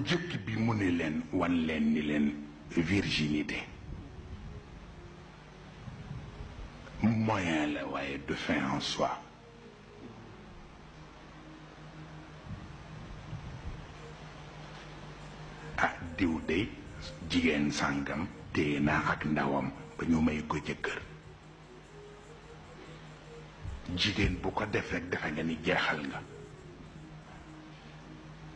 bu jëkk bi mu ni leen wan leen ni leen virginité moyen la waaye de fin en soi ah diw de jigéen sàngam téye naa ak ndawam ba ñu may ko jëkkër jigéen bu ko def rek defe nga ni jeexal nga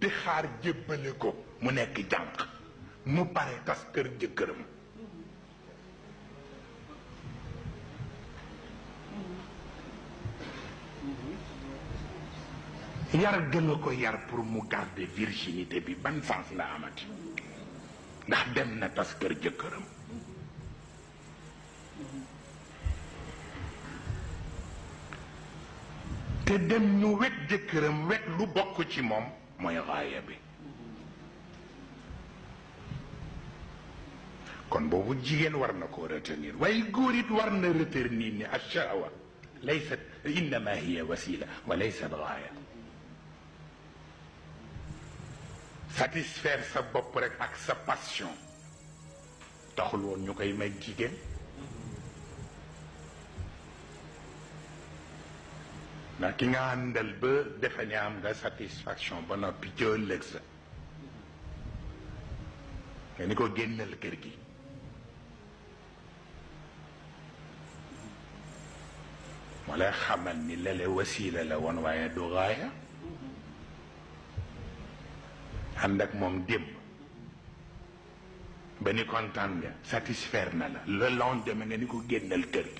di xaar jébbale ko mu nekk jànq mu pare tas kër jëkkëram yar gën a ko yar pour mu garder virginité bi ban fans la amati ndax dem na tas kër jëkkëram te dem ñu wet jëkkëram wet lu bokk ci moom ما غاية بي كون بو جيجين ورنا كو رتنير واي غوريت ورنا رتنيني الشهوة ليست إنما هي وسيلة وليست غاية ساتيسفير سا بوب رك اك سا باسيون تخلو نيو كاي ماي جيغين ndax ki nga àndal ba defe ne am nga satisfaction ba noppi ci ëllëg sa ko génnal kër gi moo xamal ni lale wasiila la woon waaye du gaaya ànd ak moom ba ni kontaan satisfaire na la le lendemain nga ni ko génnal kër gi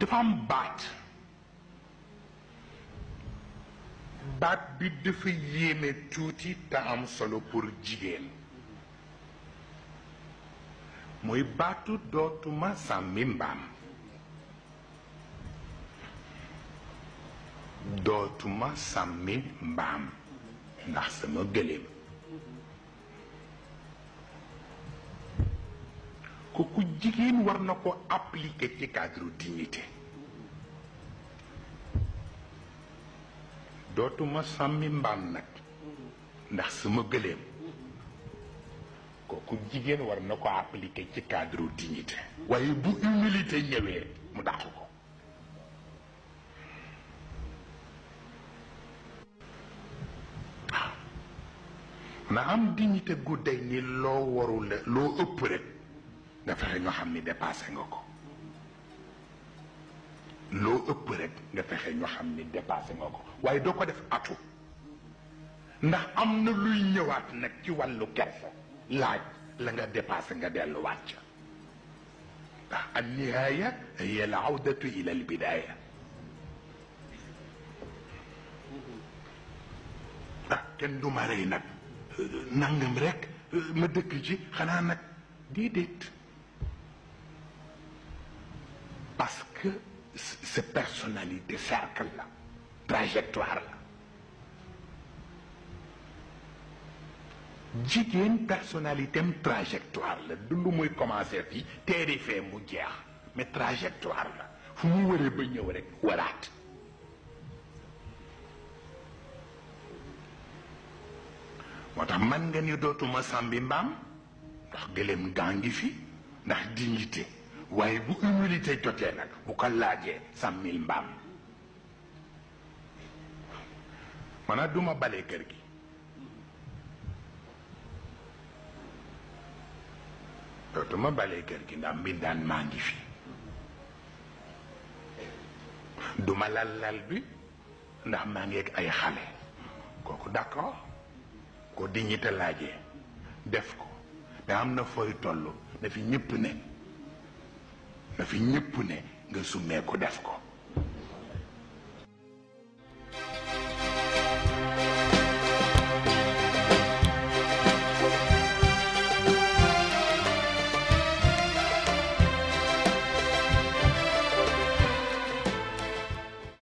dafa am baat baat bi dafa yéeme tuuti te am solo pour jigéen mooy baatu dootuma sàmmi mbaam dootuma sàmmi mbaam ndax sama gëléem ko ku jigéen war na ko appliquer ci cadre dignité dootuma sàmmi mbaam nag ndax sama gëléem kooku jigéen war na ko appliquer ci cadre dignité waaye bu humilité ñëwee mu dàq ko ah. na am dignité gu day ni loo warul loo ëpp rek da fexe ñu xamni dépassé nga ko lo ëpp rek nga fexe ñu xamni dépassé nga ko waye do ko def atu ndax amna luy ñëwaat nak ci walu kersa laaj la nga dépassé nga déllu wacc ndax al nihaaya hiya al awdatu ila al bidaaya ah kenn du ma rey nangam rek ma dëkk ci xanaa nag déedéet parce que ces personnalités, cercles-là, trajectoires-là, jigéen personnalité trajectoire le dund muy commencé fii teeri fee mu mais trajectoire la fu mu wëree ba ñëw rek waraat moo tax man nga ni dootuma sàmbi mbaam ndax fi ndax dignité waaye bu humilité jotee nag bu ko laajee sàmmil mbaam maanaam duma bale kër gi dootuma bale kër gi ndax mbindaan maa ngi fi duma lal lal bi ndax maa ngi ak ay xale kooku d'accord ko dignité laajee def ko da am na fooy toll dafi ñëpp ne na fi ñëpp ne nga summee ko def ko